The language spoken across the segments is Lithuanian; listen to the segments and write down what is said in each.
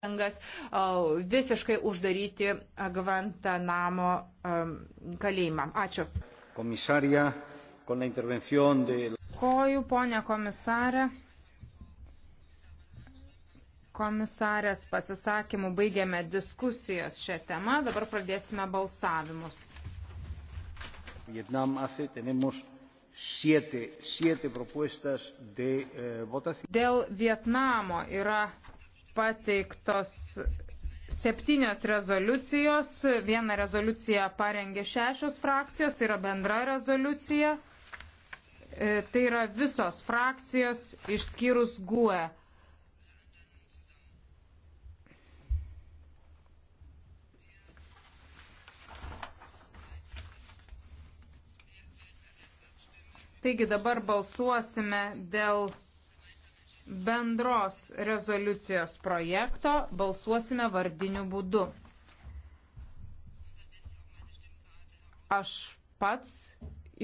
pastangas visiškai uždaryti Gvantanamo kalėjimą. Ačiū. Komisarija, con la intervención de... Koju, ponė komisarė. Komisarės pasisakymų baigėme diskusijos šią temą, dabar pradėsime balsavimus. Vietnam hace, tenemos siete, siete propuestas de eh, votación. Dėl Vietnamo yra pateiktos septynios rezoliucijos. Vieną rezoliuciją parengė šešios frakcijos, tai yra bendra rezoliucija. E, tai yra visos frakcijos išskyrus GUE. Taigi dabar balsuosime dėl bendros rezoliucijos projekto balsuosime vardiniu būdu. Aš pats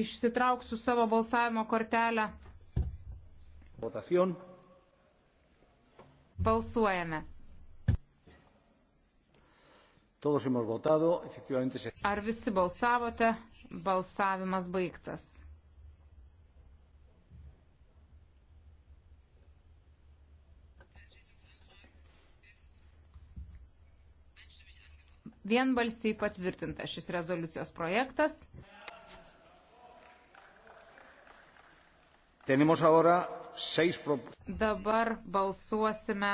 išsitrauksiu savo balsavimo kortelę. Votacion. Balsuojame. Todos hemos votado, efectivamente. Ar visi balsavote? Balsavimas baigtas. vienbalsiai patvirtintas šis rezoliucijos projektas. Dabar balsuosime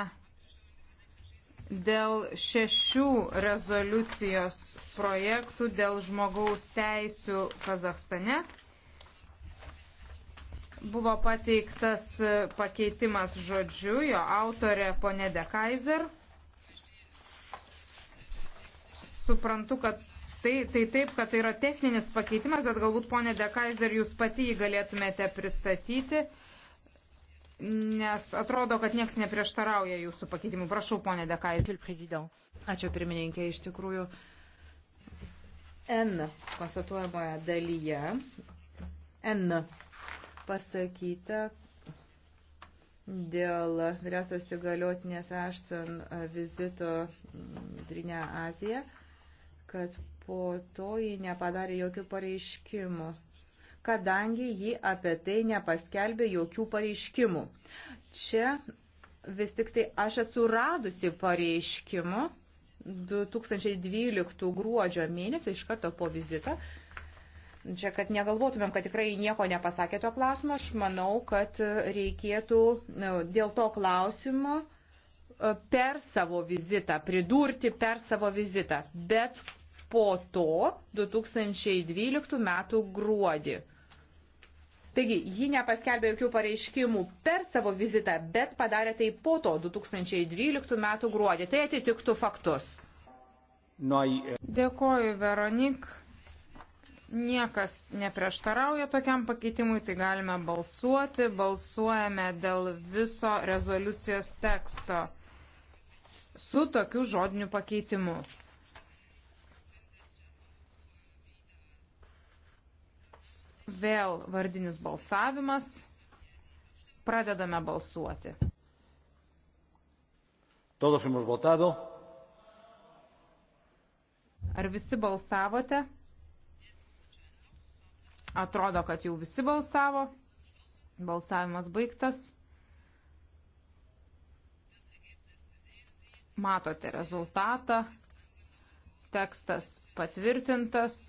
dėl šešių rezoliucijos projektų dėl žmogaus teisių Kazakstane. Buvo pateiktas pakeitimas žodžiu, jo autorė ponė De Kaiser. suprantu, kad tai, tai taip, kad tai yra techninis pakeitimas, bet galbūt, ponė Dekaiser, jūs pati jį galėtumėte pristatyti, nes atrodo, kad nieks neprieštarauja jūsų pakeitimų. Prašau, ponė Dekaiser. Ačiū, pirmininkė, iš tikrųjų. N konstatuojamoje dalyje N pasakyta dėl vyriausios įgaliotinės Ashton vizito Trinę Aziją kad po to ji nepadarė jokių pareiškimų, kadangi ji apie tai nepaskelbė jokių pareiškimų. Čia vis tik tai aš esu radusi pareiškimų 2012 gruodžio mėnesio iš karto po vizito. Čia, kad negalvotumėm, kad tikrai nieko nepasakė to klausimo, aš manau, kad reikėtų e, dėl to klausimo e, per savo vizitą, pridurti per savo vizitą. Bet po to 2012 m. gruodį. Taigi, ji nepaskelbė jokių pareiškimų per savo vizitą, bet padarė tai po to 2012 m. gruodį. Tai atitiktų faktus. Nu, e. Dėkoju, Veronik. Niekas neprieštarauja tokiam pakeitimui, tai galime balsuoti. Balsuojame dėl viso rezoliucijos teksto su tokiu žodiniu pakeitimu. Vėl vardinis balsavimas. Pradedame balsuoti. Todos hemos votado. Ar visi balsavote? Atrodo, kad jau visi balsavo. Balsavimas baigtas. Matote rezultatą. Tekstas patvirtintas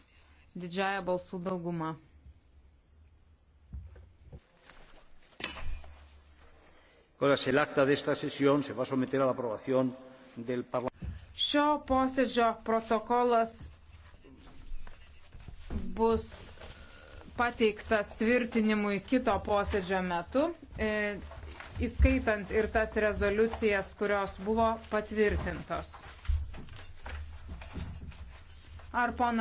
didžiaja balsų dauguma. el acta de esta sesión se va a someter a la aprobación del Parlamento. Šio posėdžio protokolas bus pateiktas tvirtinimui kito posėdžio metu, e, įskaitant ir tas rezoliucijas, kurios buvo patvirtintos. Ar ponas